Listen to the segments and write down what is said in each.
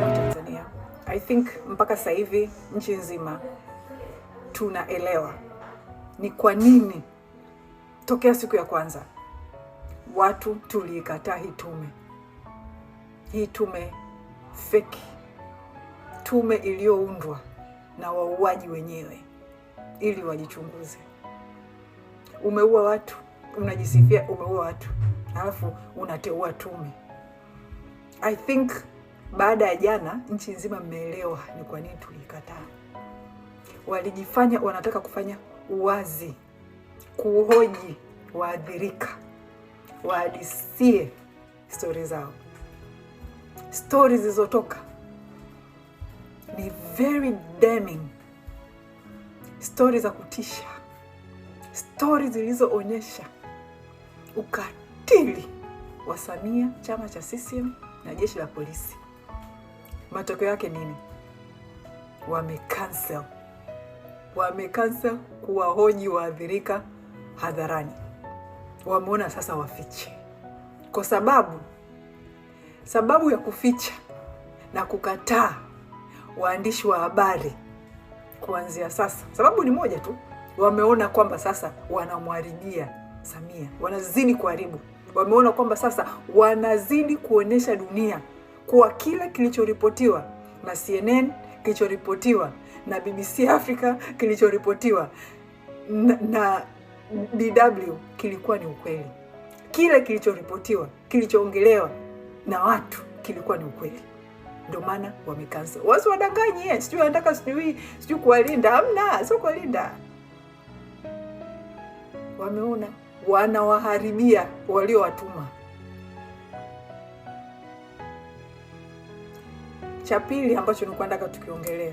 mzima Tanzania. I think mpaka sasa hivi nchi nzima tunaelewa ni kwa nini tokea siku ya kwanza watu tuliikataa hii tume, hii tume feki, tume iliyoundwa na wauaji wenyewe ili wajichunguze. Umeua watu, unajisifia umeua watu, alafu unateua tume. I think baada ya jana, nchi nzima mmeelewa ni kwa nini tuliikataa. Walijifanya wanataka kufanya uwazi, kuhoji waadhirika waadisie stori zao. Stori zilizotoka ni very damning, stori za kutisha, stori zilizoonyesha ukatili wa Samia, chama cha CCM na jeshi la polisi. Matokeo yake nini? Wamecancel, wamecancel kuwahoji waathirika hadharani. Wameona sasa wafiche, kwa sababu sababu ya kuficha na kukataa waandishi wa habari kuanzia sasa, sababu ni moja tu, wameona kwamba sasa wanamwaribia Samia, wanazidi kuharibu. Wameona kwamba sasa wanazidi kuonyesha dunia kuwa kila kilichoripotiwa na CNN kilichoripotiwa na BBC Africa kilichoripotiwa na, na DW kilikuwa ni ukweli. Kile kilichoripotiwa kilichoongelewa na watu kilikuwa ni ukweli. Ndio maana wamekansa. Wasi wadanganyi, eh, sijui wanataka sijui sijui kuwalinda. amna sio kuwalinda. Wameona wanawaharibia waliowatuma. Cha pili ambacho nilikuwa nataka tukiongelea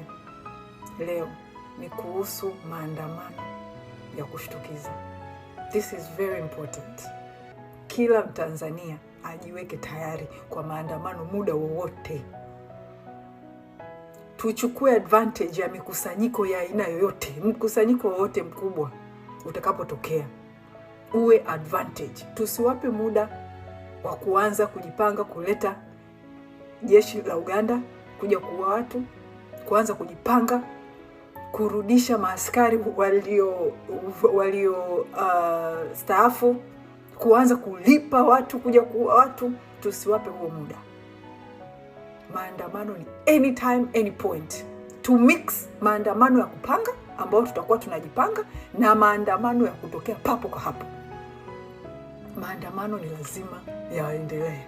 leo ni kuhusu maandamano ya kushtukiza. This is very important. Kila Mtanzania ajiweke tayari kwa maandamano muda wowote. Tuchukue advantage ya mikusanyiko ya aina yoyote, mkusanyiko wowote mkubwa utakapotokea, uwe advantage. Tusiwape muda wa kuanza kujipanga kuleta jeshi la Uganda kuja kuua watu, kuanza kujipanga, kurudisha maaskari walio walio uh, staafu, kuanza kulipa watu kuja kuua watu. Tusiwape huo muda. Maandamano ni anytime any point, to mix maandamano ya kupanga ambayo tutakuwa tunajipanga na maandamano ya kutokea papo kwa hapo. Maandamano ni lazima yaendelee.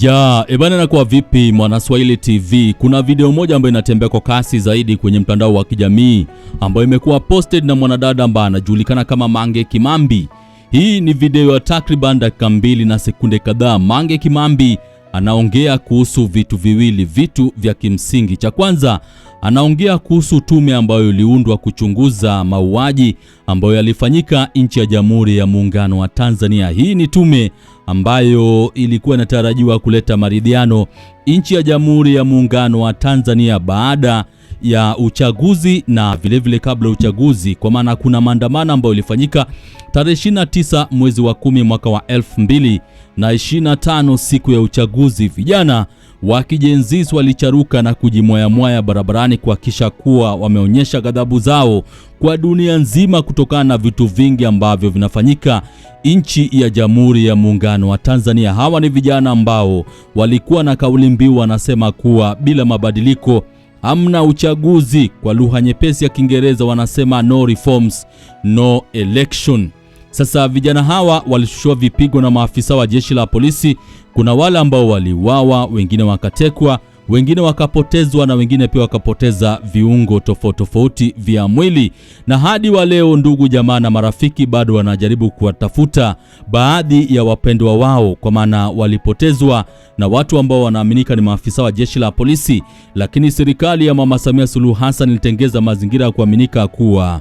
Ya, ebana na kwa vipi Mwanaswahili TV, kuna video moja ambayo inatembea kwa kasi zaidi kwenye mtandao wa kijamii ambayo imekuwa posted na mwanadada ambaye anajulikana kama Mange Kimambi. Hii ni video ya takriban dakika mbili na sekunde kadhaa. Mange Kimambi anaongea kuhusu vitu viwili, vitu vya kimsingi. Cha kwanza, anaongea kuhusu tume ambayo iliundwa kuchunguza mauaji ambayo yalifanyika nchi ya Jamhuri ya Muungano wa Tanzania. Hii ni tume ambayo ilikuwa inatarajiwa kuleta maridhiano nchi ya Jamhuri ya Muungano wa Tanzania baada ya uchaguzi na vilevile kabla ya uchaguzi, kwa maana kuna maandamano ambayo ilifanyika tarehe 29 mwezi wa kumi mwaka wa 2025 siku ya uchaguzi. Vijana wakijenzis walicharuka na kujimwayamwaya barabarani kuhakisha kuwa wameonyesha ghadhabu zao kwa dunia nzima kutokana na vitu vingi ambavyo vinafanyika nchi ya Jamhuri ya Muungano wa Tanzania. Hawa ni vijana ambao walikuwa na kauli mbiu wanasema kuwa bila mabadiliko hamna uchaguzi. Kwa lugha nyepesi ya Kiingereza wanasema no reforms, no election. Sasa vijana hawa walishushwa vipigo na maafisa wa jeshi la polisi. Kuna wale ambao waliuawa, wengine wakatekwa, wengine wakapotezwa na wengine pia wakapoteza viungo tofauti tofauti vya mwili, na hadi wa leo, ndugu jamaa na marafiki bado wanajaribu kuwatafuta baadhi ya wapendwa wao, kwa maana walipotezwa na watu ambao wanaaminika ni maafisa wa jeshi la polisi. Lakini serikali ya Mama Samia Suluhu Hassan ilitengeza mazingira ya kuaminika kuwa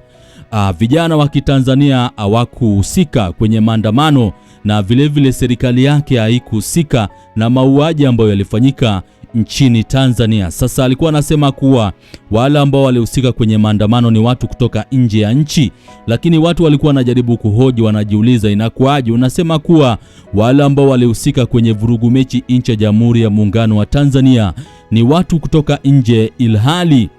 uh, vijana wa Kitanzania hawakuhusika kwenye maandamano na vilevile vile serikali yake haikuhusika na mauaji ambayo yalifanyika nchini Tanzania. Sasa alikuwa anasema kuwa wale ambao walihusika kwenye maandamano ni watu kutoka nje ya nchi, lakini watu walikuwa wanajaribu kuhoji, wanajiuliza inakuwaje unasema kuwa wale ambao walihusika kwenye vurugu mechi nchi ya Jamhuri ya Muungano wa Tanzania ni watu kutoka nje, ilhali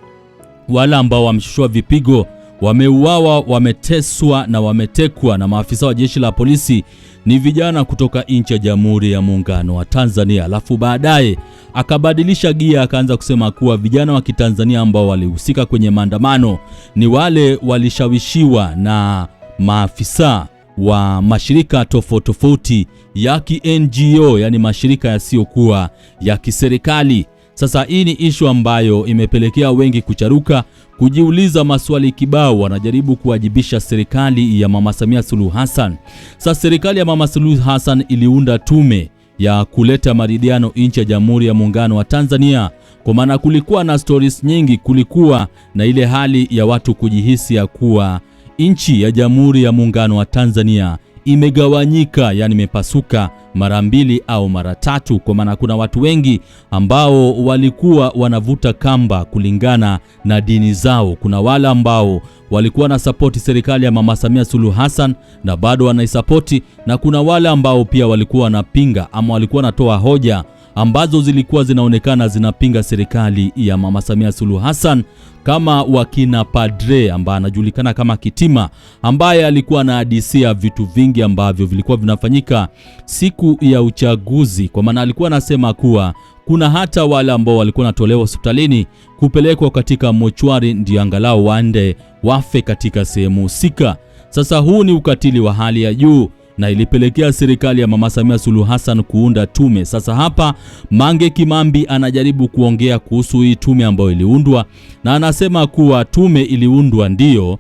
wale ambao wameshushwa vipigo wameuawa, wameteswa na wametekwa na maafisa wa jeshi la polisi ni vijana kutoka nchi ya Jamhuri ya Muungano wa Tanzania. Alafu baadaye akabadilisha gia, akaanza kusema kuwa vijana wa Kitanzania ambao walihusika kwenye maandamano ni wale walishawishiwa na maafisa wa mashirika tofauti tofauti ya ki NGO, yani mashirika yasiyokuwa ya kiserikali sasa hii ni ishu ambayo imepelekea wengi kucharuka, kujiuliza maswali kibao, wanajaribu kuwajibisha serikali ya Mama Samia Suluhu Hassan. Sasa serikali ya Mama Suluhu Hassan iliunda tume ya kuleta maridhiano nchi ya Jamhuri ya Muungano wa Tanzania, kwa maana kulikuwa na stories nyingi, kulikuwa na ile hali ya watu kujihisi ya kuwa nchi ya Jamhuri ya Muungano wa Tanzania imegawanyika, yani imepasuka mara mbili au mara tatu, kwa maana kuna watu wengi ambao walikuwa wanavuta kamba kulingana na dini zao. Kuna wale ambao walikuwa na sapoti serikali ya Mama Samia Suluhu Hassan na bado wanaisapoti, na kuna wale ambao pia walikuwa wanapinga ama walikuwa wanatoa hoja ambazo zilikuwa zinaonekana zinapinga serikali ya Mama Samia Suluhu Hassan kama wakina Padre ambaye anajulikana kama Kitima ambaye alikuwa anahadisia vitu vingi ambavyo vilikuwa vinafanyika siku ya uchaguzi. Kwa maana alikuwa anasema kuwa kuna hata wale ambao walikuwa wanatolewa hospitalini kupelekwa katika mochwari, ndio angalau waende wafe katika sehemu husika. Sasa huu ni ukatili wa hali ya juu na ilipelekea serikali ya Mama Samia Suluhu Hassan kuunda tume. Sasa hapa Mange Kimambi anajaribu kuongea kuhusu hii tume ambayo iliundwa, na anasema kuwa tume iliundwa ndiyo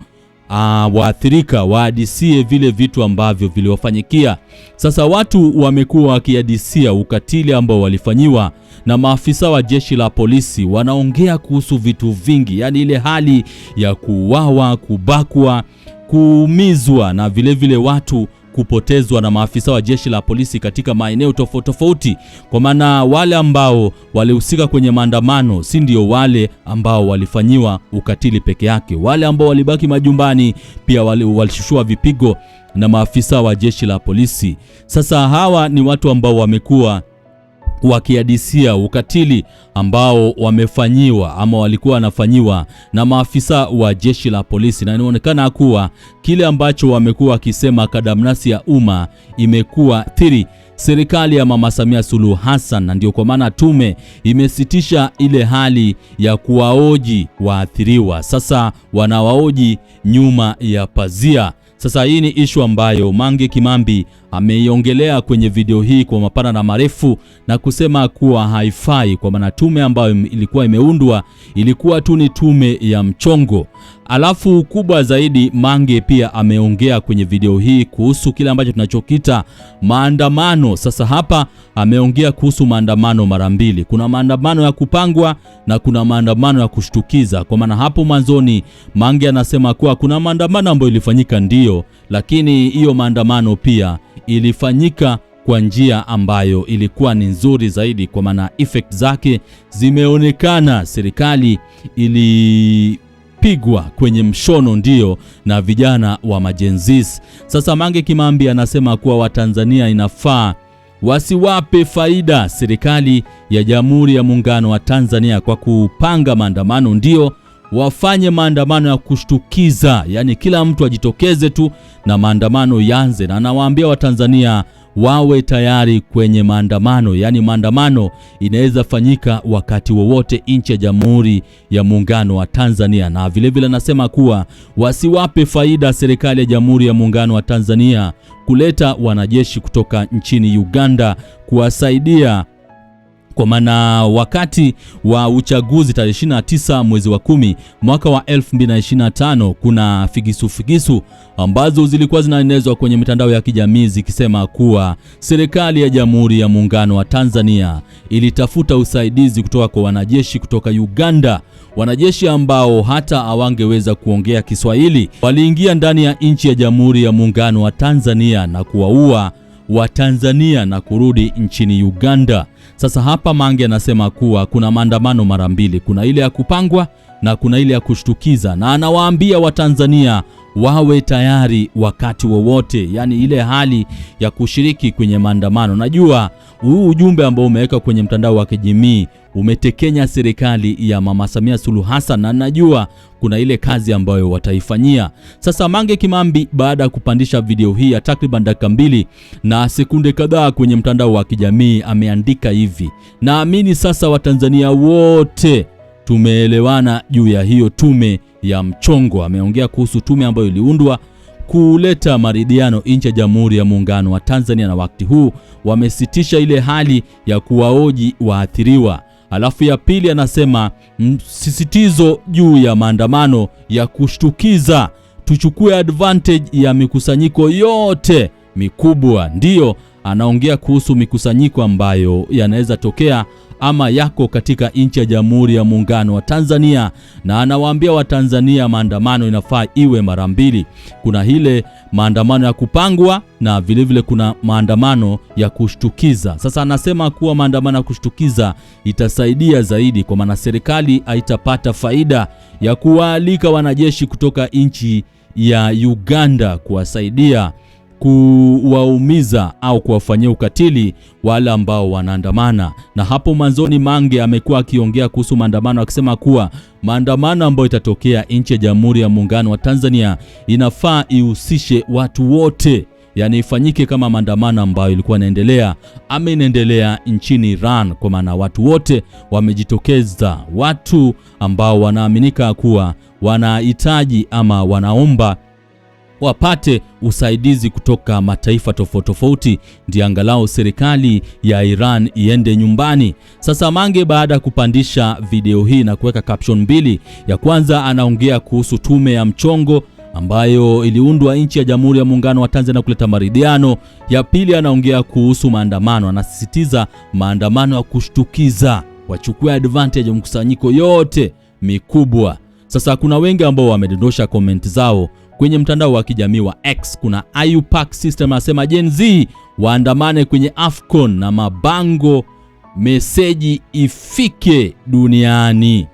Uh, ah, waathirika waadisie vile vitu ambavyo viliwafanyikia. Sasa watu wamekuwa wakiadisia ukatili ambao walifanyiwa na maafisa wa jeshi la polisi, wanaongea kuhusu vitu vingi, yaani ile hali ya kuuawa, kubakwa, kuumizwa na vilevile vile watu kupotezwa na maafisa wa jeshi la polisi katika maeneo tofauti tofauti, kwa maana wale ambao walihusika kwenye maandamano si ndio wale ambao walifanyiwa ukatili peke yake. Wale ambao walibaki majumbani pia walishushua vipigo na maafisa wa jeshi la polisi. Sasa hawa ni watu ambao wamekuwa wakiadisia ukatili ambao wamefanyiwa ama walikuwa wanafanyiwa na maafisa wa jeshi la polisi, na inaonekana kuwa kile ambacho wamekuwa wakisema kadamnasi ya umma imekuwa thiri serikali ya Mama Samia Suluhu Hassan, na ndio kwa maana tume imesitisha ile hali ya kuwaoji waathiriwa. Sasa wanawaoji nyuma ya pazia. Sasa hii ni ishu ambayo Mange Kimambi ameiongelea kwenye video hii kwa mapana na marefu na kusema kuwa haifai, kwa maana tume ambayo ilikuwa imeundwa ilikuwa tu ni tume ya mchongo, Alafu kubwa zaidi, Mange pia ameongea kwenye video hii kuhusu kile ambacho tunachokita maandamano. Sasa hapa ameongea kuhusu maandamano mara mbili, kuna maandamano ya kupangwa na kuna maandamano ya kushtukiza. Kwa maana hapo mwanzoni Mange anasema kuwa kuna maandamano ambayo ilifanyika ndiyo, lakini hiyo maandamano pia ilifanyika kwa njia ambayo ilikuwa ni nzuri zaidi, kwa maana effect zake zimeonekana. Serikali ili kupigwa kwenye mshono ndio na vijana wa majenzis. Sasa Mange Kimambi anasema kuwa Watanzania inafaa wasiwape faida serikali ya Jamhuri ya Muungano wa Tanzania kwa kupanga maandamano, ndio wafanye maandamano ya kushtukiza, yaani kila mtu ajitokeze tu na maandamano yanze, na anawaambia Watanzania wawe tayari kwenye maandamano. Yaani, maandamano inaweza fanyika wakati wowote nchi ya Jamhuri ya Muungano wa Tanzania, na vilevile anasema vile kuwa wasiwape faida serikali ya Jamhuri ya Muungano wa Tanzania kuleta wanajeshi kutoka nchini Uganda kuwasaidia kwa maana wakati wa uchaguzi tarehe 29 mwezi wa kumi mwaka wa 2025 kuna figisu figisu ambazo zilikuwa zinaenezwa kwenye mitandao ya kijamii zikisema kuwa serikali ya Jamhuri ya Muungano wa Tanzania ilitafuta usaidizi kutoka kwa wanajeshi kutoka Uganda, wanajeshi ambao hata hawangeweza kuongea Kiswahili, waliingia ndani ya nchi ya Jamhuri ya Muungano wa Tanzania na kuwaua Watanzania na kurudi nchini Uganda. Sasa hapa Mange anasema kuwa kuna maandamano mara mbili, kuna ile ya kupangwa na kuna ile ya kushtukiza, na anawaambia Watanzania wawe tayari wakati wowote, yaani ile hali ya kushiriki kwenye maandamano. Najua huu ujumbe ambao umeweka kwenye mtandao wa kijamii umetekenya serikali ya Mama Samia Suluhu Hassan, na najua kuna ile kazi ambayo wataifanyia. Sasa Mange Kimambi baada ya kupandisha video hii ya takriban dakika mbili na sekunde kadhaa kwenye mtandao wa kijamii ameandika hivi: naamini sasa Watanzania wote tumeelewana juu ya hiyo tume ya mchongo. Ameongea kuhusu tume ambayo iliundwa kuleta maridhiano nchi ya Jamhuri ya Muungano wa Tanzania, na wakati huu wamesitisha ile hali ya kuwaoji waathiriwa. Alafu ya pili anasema msisitizo juu ya maandamano ya kushtukiza, tuchukue advantage ya mikusanyiko yote mikubwa. Ndiyo, anaongea kuhusu mikusanyiko ambayo yanaweza tokea ama yako katika nchi ya Jamhuri ya Muungano wa Tanzania, na anawaambia Watanzania maandamano inafaa iwe mara mbili. Kuna ile maandamano ya kupangwa na vilevile vile kuna maandamano ya kushtukiza. Sasa anasema kuwa maandamano ya kushtukiza itasaidia zaidi, kwa maana serikali haitapata faida ya kuwaalika wanajeshi kutoka nchi ya Uganda kuwasaidia kuwaumiza au kuwafanyia ukatili wale ambao wanaandamana. Na hapo mwanzoni Mange amekuwa akiongea kuhusu maandamano akisema kuwa maandamano ambayo itatokea nchi ya Jamhuri ya Muungano wa Tanzania inafaa ihusishe watu wote, yani ifanyike kama maandamano ambayo ilikuwa inaendelea ama inaendelea nchini Iran, kwa maana watu wote wamejitokeza, watu ambao wanaaminika kuwa wanahitaji ama wanaomba wapate usaidizi kutoka mataifa tofauti tofauti, ndio angalau serikali ya Iran iende nyumbani. Sasa Mange, baada ya kupandisha video hii na kuweka caption mbili, ya kwanza anaongea kuhusu tume ya mchongo ambayo iliundwa nchi ya Jamhuri ya Muungano wa Tanzania kuleta maridhiano. Ya pili anaongea kuhusu maandamano, anasisitiza maandamano ya kushtukiza, wachukue advantage mkusanyiko yote mikubwa. Sasa kuna wengi ambao wamedondosha komenti zao kwenye mtandao wa kijamii wa X. Kuna IUPAC system anasema Gen Z waandamane kwenye AFCON na mabango, meseji ifike duniani.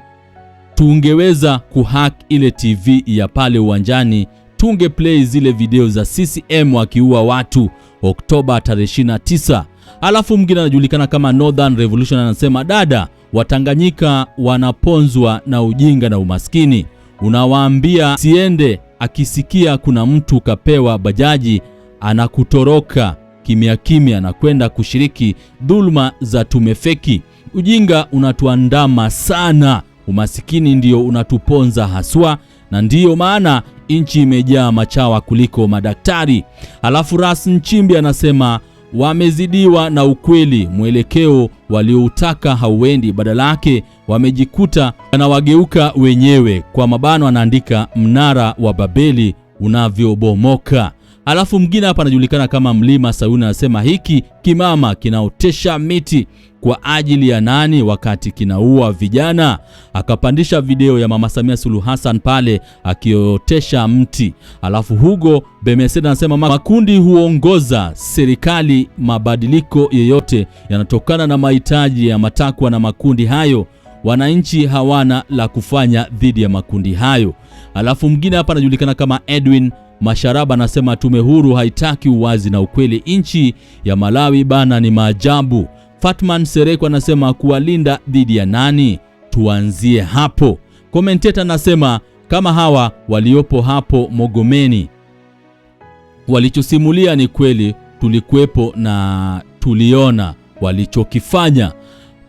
Tungeweza kuhack ile TV ya pale uwanjani, tunge play zile video za CCM wakiua watu Oktoba tarehe 29. Alafu mwingine anajulikana kama Northern Revolution anasema, dada Watanganyika wanaponzwa na ujinga na umaskini, unawaambia siende akisikia kuna mtu kapewa bajaji, anakutoroka kimya kimya na kwenda kushiriki dhuluma za tumefeki Ujinga unatuandama sana, umasikini ndio unatuponza haswa, na ndiyo maana nchi imejaa machawa kuliko madaktari. Halafu Ras Nchimbi anasema wamezidiwa na ukweli, mwelekeo walioutaka hauendi, badala yake wamejikuta wanawageuka wenyewe. Kwa mabano anaandika mnara wa Babeli unavyobomoka. Alafu mwingine hapa anajulikana kama Mlima Sayuni, anasema hiki kimama kinaotesha miti kwa ajili ya nani wakati kinaua vijana? Akapandisha video ya Mama Samia Suluhu Hassan pale akiotesha mti. Alafu Hugo Bemeseda anasema makundi huongoza serikali, mabadiliko yeyote yanatokana na mahitaji ya matakwa na makundi hayo wananchi hawana la kufanya dhidi ya makundi hayo. Alafu mwingine hapa anajulikana kama Edwin Masharaba anasema tume huru haitaki uwazi na ukweli. Nchi ya Malawi bana ni maajabu. Fatman Sereko anasema kuwalinda dhidi ya nani? Tuanzie hapo. Commentator anasema kama hawa waliopo hapo Mogomeni walichosimulia ni kweli, tulikuwepo na tuliona walichokifanya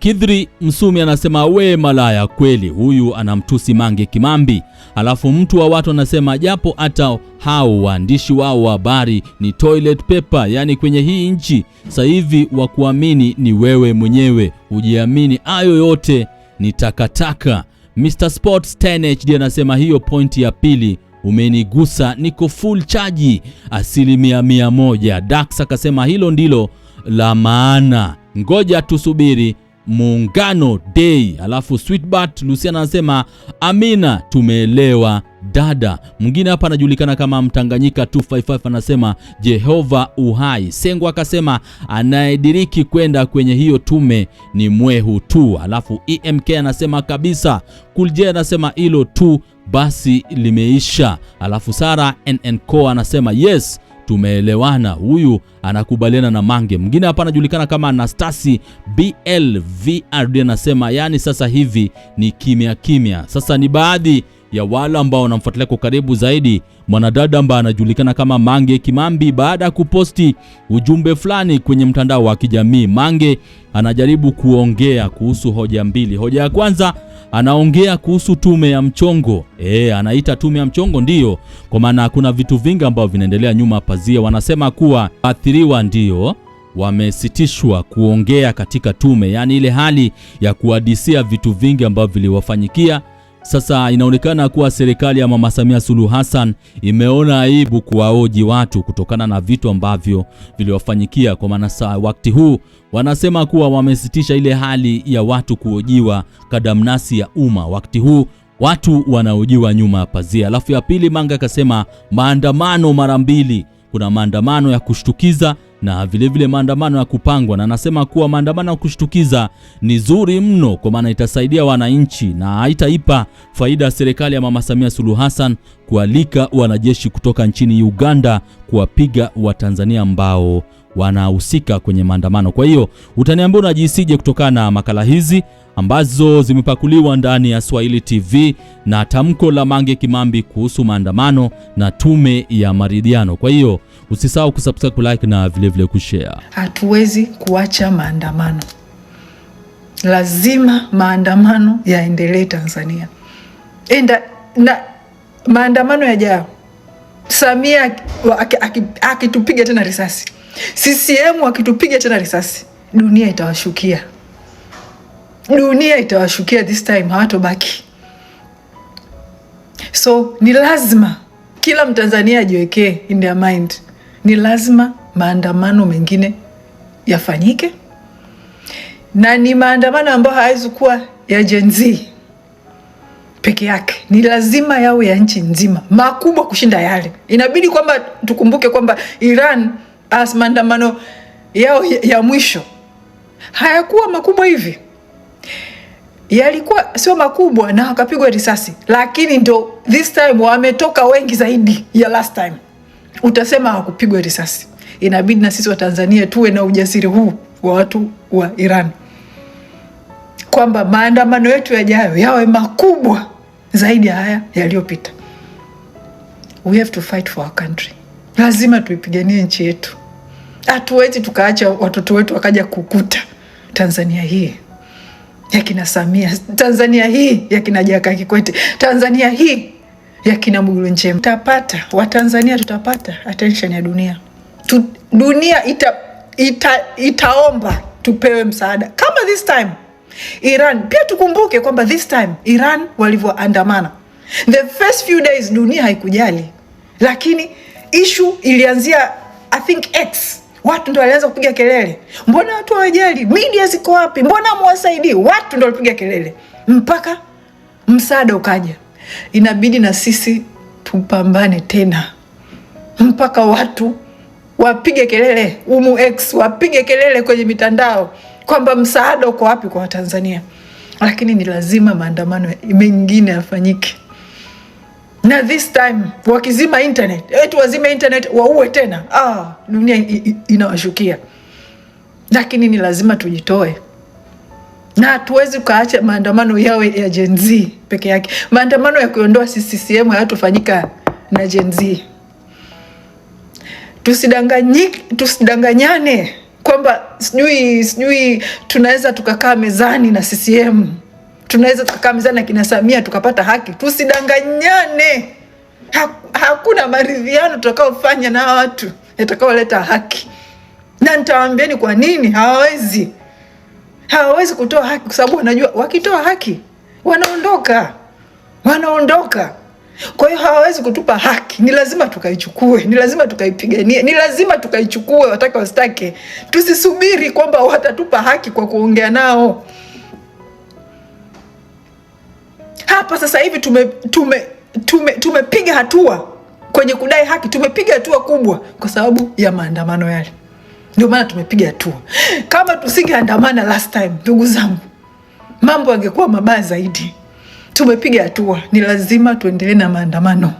Kidri Msumi anasema we malaya kweli, huyu anamtusi Mange Kimambi. Alafu mtu wa watu anasema japo hata hao waandishi wao wa habari ni toilet paper, yaani kwenye hii nchi sasa hivi wa kuamini ni wewe mwenyewe, hujiamini. Hayo yote ni takataka. Mr Sports 10HD anasema hiyo pointi ya pili umenigusa, niko full chaji asilimia mia moja. Dax akasema hilo ndilo la maana, ngoja tusubiri Muungano Day. Alafu Sweetbart Luciana anasema amina, tumeelewa dada. Mwingine hapa anajulikana kama Mtanganyika 255 anasema Jehova uhai. Sengwa akasema anayediriki kwenda kwenye hiyo tume ni mwehu tu. Alafu EMK anasema kabisa. Kulje anasema hilo tu basi limeisha. Alafu Sara NNCO anasema yes tumeelewana, huyu anakubaliana na Mange. Mwingine hapa anajulikana kama Anastasi BLVRD anasema, yaani sasa hivi ni kimya kimya. Sasa ni baadhi ya wale ambao wanamfuatilia kwa karibu zaidi, mwanadada ambaye anajulikana kama Mange Kimambi, baada ya kuposti ujumbe fulani kwenye mtandao wa kijamii. Mange anajaribu kuongea kuhusu hoja mbili. Hoja ya kwanza anaongea kuhusu tume ya mchongo e, anaita tume ya mchongo ndiyo, kwa maana kuna vitu vingi ambavyo vinaendelea nyuma pazia. Wanasema kuwa waathiriwa ndiyo wamesitishwa kuongea katika tume, yaani ile hali ya kuadisia vitu vingi ambavyo viliwafanyikia sasa inaonekana kuwa serikali ya Mama Samia Suluhu Hassan imeona aibu kuwaoji watu kutokana na vitu ambavyo viliwafanyikia. Kwa maana saa wakati huu wanasema kuwa wamesitisha ile hali ya watu kuojiwa kadamnasi ya umma. Wakati huu watu wanaojiwa nyuma ya pazia. Alafu ya pili, manga akasema maandamano mara mbili, kuna maandamano ya kushtukiza na vilevile vile maandamano ya kupangwa, na anasema kuwa maandamano ya kushtukiza ni zuri mno, kwa maana itasaidia wananchi na haitaipa faida ya serikali ya Mama Samia Suluhu Hassan kualika wanajeshi kutoka nchini Uganda kuwapiga Watanzania ambao wanahusika kwenye maandamano. Kwa hiyo utaniambia unajisije kutokana na makala hizi ambazo zimepakuliwa ndani ya Swahili TV na tamko la Mange Kimambi kuhusu maandamano na tume ya maridhiano. Kwa hiyo Usisahau kusubscribe, kulike na vilevile vile kushare. Hatuwezi kuacha maandamano, lazima maandamano yaendelee Tanzania. Enda, na maandamano yajao, Samia akitupiga tena risasi, CCM akitupiga tena risasi, dunia itawashukia, dunia itawashukia this time, hawatobaki. So ni lazima kila Mtanzania ajiwekee in their mind ni lazima maandamano mengine yafanyike, na ni maandamano ambayo hawezi kuwa ya Gen Z peke yake, ni lazima yawe ya nchi nzima, makubwa kushinda yale. Inabidi kwamba tukumbuke kwamba Iran as maandamano yao ya mwisho hayakuwa makubwa hivi, yalikuwa sio makubwa na wakapigwa risasi, lakini ndo this time wametoka wengi zaidi ya last time utasema hakupigwa risasi. Inabidi na sisi Watanzania tuwe na ujasiri huu wa watu wa Iran kwamba maandamano yetu yajayo yawe makubwa zaidi ya haya yaliyopita. We have to fight for our country. Lazima tuipiganie nchi yetu, hatuwezi tukaacha watoto wetu wakaja kukuta Tanzania hii ya kina Samia, Tanzania hii ya kina Jakaya Kikwete, Tanzania hii ya kina Mgulunjema. Tutapata Watanzania, tutapata attention ya dunia tu, dunia ita, ita, itaomba tupewe msaada kama this time Iran. Pia tukumbuke kwamba this time Iran walivyoandamana the first few days dunia haikujali, lakini ishu ilianzia I think X watu ndo walianza kupiga kelele, mbona watu hawajali? Media ziko wapi? Mbona mwasaidii? Watu ndo walipiga kelele mpaka msaada ukaja inabidi na sisi tupambane tena mpaka watu wapige kelele umu X, wapige kelele kwenye mitandao kwamba msaada uko wapi kwa Watanzania, lakini ni lazima maandamano mengine yafanyike, na this time wakizima internet, eti wazime internet waue tena. Ah, dunia inawashukia, lakini ni lazima tujitoe na hatuwezi ukaacha maandamano yawe ya Gen Z peke yake. Maandamano ya kuondoa CCM hayatofanyika na Gen Z. Tusidanganyike, tusidanganyane kwamba sijui sijui tunaweza tukakaa mezani na CCM, tunaweza tukakaa mezani na kina Samia tukapata haki. Tusidanganyane, hakuna maridhiano tutakaofanya na watu yatakaoleta haki, na nitawaambieni kwa nini hawawezi hawawezi kutoa haki kwa sababu wanajua wakitoa haki wanaondoka, wanaondoka. Kwa hiyo hawawezi kutupa haki, ni lazima tukaichukue, ni lazima tukaipiganie, ni lazima tukaichukue, watake wasitake. Tusisubiri kwamba watatupa haki kwa kuongea nao. Hapa sasa hivi tume tume tume tumepiga hatua kwenye kudai haki, tumepiga hatua kubwa kwa sababu ya maandamano yale. Ndio maana tumepiga hatua. Kama tusingeandamana last time, ndugu zangu, mambo yangekuwa mabaya zaidi. Tumepiga hatua, ni lazima tuendelee na maandamano,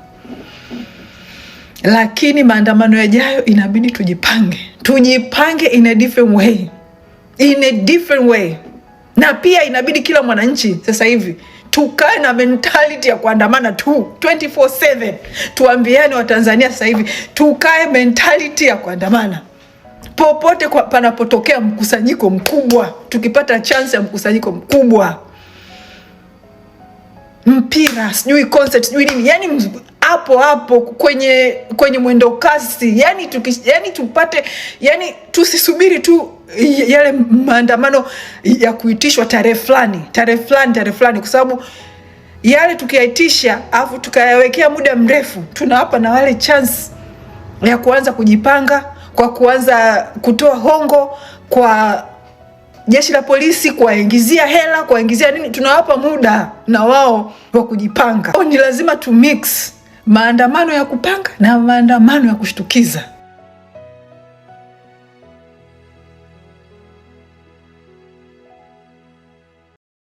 lakini maandamano yajayo inabidi tujipange, tujipange in a different way, in a different way. Na pia inabidi kila mwananchi sasa hivi tukae na mentality ya kuandamana tu 24/7. Tuambiane Watanzania sasa hivi tukae mentality ya kuandamana popote kwa panapotokea mkusanyiko mkubwa, tukipata chance ya mkusanyiko mkubwa, mpira, sijui concert, sijui nini, yani hapo hapo kwenye kwenye mwendo kasi, yani tuki, yani tupate, yani tusisubiri tu yale maandamano ya kuitishwa tarehe fulani tarehe fulani tarehe fulani, kwa sababu yale tukiyaitisha afu tukayawekea muda mrefu, tunawapa na wale chance ya kuanza kujipanga kwa kuanza kutoa hongo kwa jeshi la polisi, kuwaingizia hela, kuwaingizia nini. Tunawapa muda na wao wa kujipanga. Ni lazima tu mix maandamano ya kupanga na maandamano ya kushtukiza.